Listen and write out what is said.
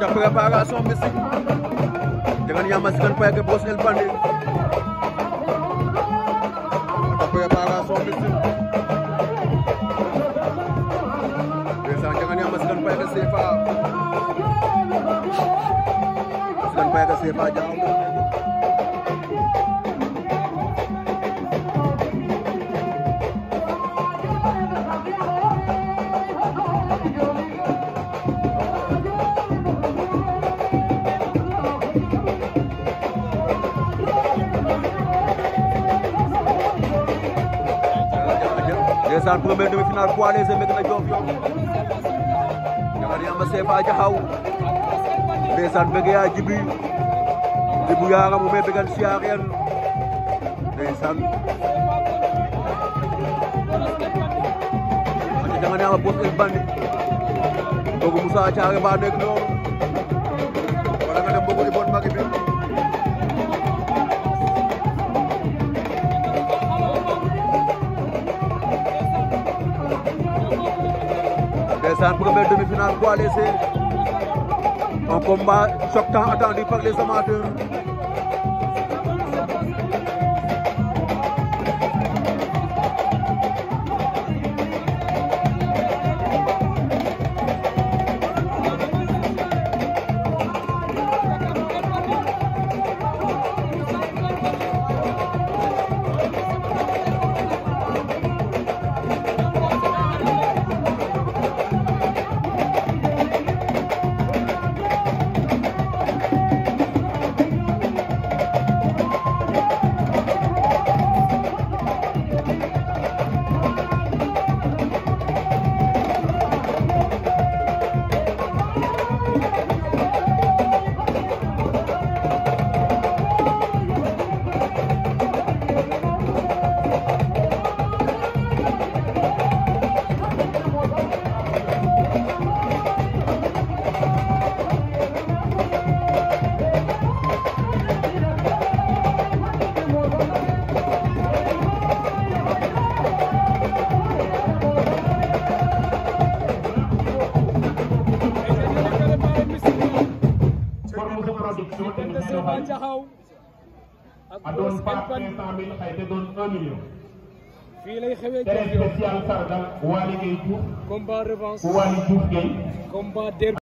da préparation mystique dengan Yamaskan Pegue Bos El Bandit da préparation mystique Besan dengan Yamaskan Pegue Sefa Yamaskan Pegue Sefa jauh ndeysaan première demi-finale poids léger mbëgg na Joof Joof ñaari Yamba Sefa Jaxaw ndeysaan bëgg yaa jibi jibu yaara mu mee bëggal siyaar yan ndeysaan ate danga ne ama bos el bandit kooku Moussa Thiaré ba nekk noonu Ndeysaan première demi-finale poids léger un combat choc tant attendu par les amateurs diggante Seba Diakhao ak Brosse and Bandit fii lay xewee Diofior combat revanche combat derby